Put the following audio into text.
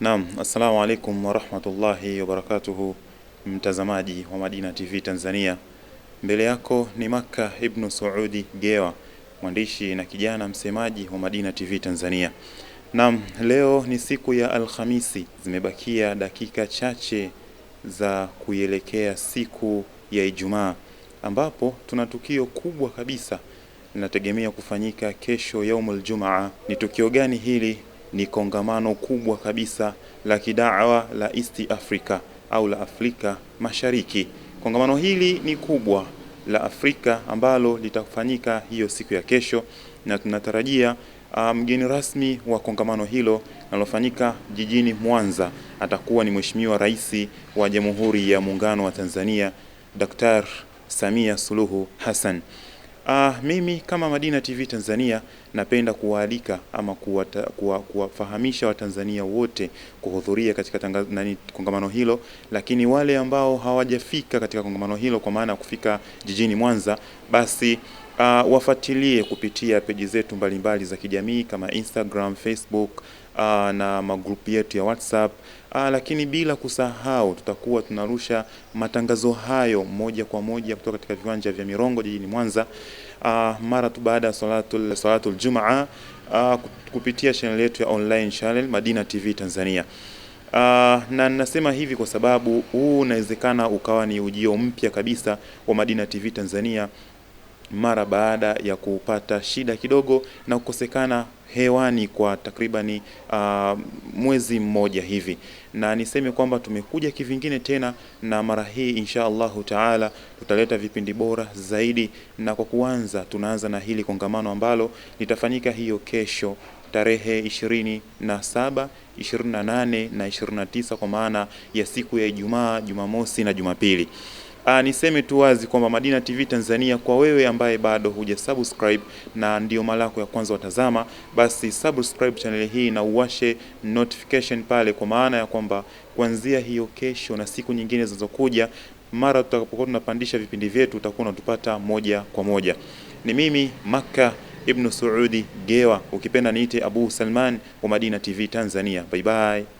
Naam, assalamu alaikum warahmatullahi wabarakatuhu, mtazamaji wa Madina TV Tanzania, mbele yako ni Makka Ibnu Suudi Gewa, mwandishi na kijana msemaji wa Madina TV Tanzania. Naam, leo ni siku ya Alhamisi, zimebakia dakika chache za kuielekea siku ya Ijumaa, ambapo tuna tukio kubwa kabisa linategemea kufanyika kesho, yaumul Jumaa. Ni tukio gani hili? ni kongamano kubwa kabisa la kidawa la East Africa au la Afrika Mashariki. Kongamano hili ni kubwa la Afrika ambalo litafanyika hiyo siku ya kesho, na tunatarajia ah, mgeni um, rasmi wa kongamano hilo linalofanyika jijini Mwanza atakuwa ni Mheshimiwa Rais wa Jamhuri ya Muungano wa Tanzania Dr. Samia Suluhu Hassan. Uh, mimi kama Madina TV Tanzania napenda kuwaalika ama kuwafahamisha kuwa, kuwafahamisha Watanzania wote kuhudhuria katika tanga, nani, kongamano hilo, lakini wale ambao hawajafika katika kongamano hilo kwa maana ya kufika jijini Mwanza basi uh, wafuatilie kupitia peji zetu mbalimbali za kijamii kama Instagram, Facebook uh, na magrupu yetu ya WhatsApp Uh, lakini bila kusahau tutakuwa tunarusha matangazo hayo moja kwa moja kutoka katika viwanja vya Mirongo jijini Mwanza uh, mara tu baada ya salatul, salatul Jumaa kupitia channel yetu ya online channel Madina TV Tanzania. Uh, na nasema hivi kwa sababu huu unawezekana ukawa ni ujio mpya kabisa wa Madina TV Tanzania mara baada ya kupata shida kidogo na kukosekana hewani kwa takribani uh, mwezi mmoja hivi, na niseme kwamba tumekuja kivingine tena, na mara hii insha Allahu taala tutaleta vipindi bora zaidi, na kwa kuanza tunaanza na hili kongamano ambalo litafanyika hiyo kesho tarehe ishirini na saba ishirini na nane na ishirini na tisa kwa maana ya siku ya Ijumaa, Jumamosi na Jumapili. Aa, ah, niseme tu wazi kwamba Madina TV Tanzania, kwa wewe ambaye bado huja subscribe na ndio mara yako ya kwanza watazama, basi subscribe channel hii na uwashe notification pale, kwa maana ya kwamba kuanzia hiyo kesho na siku nyingine zinazokuja, mara tutakapokuwa tunapandisha vipindi vyetu utakuwa unatupata moja kwa moja. Ni mimi Makka Ibnu Suudi Gewa, ukipenda niite Abu Salman wa Madina TV Tanzania. Bye bye.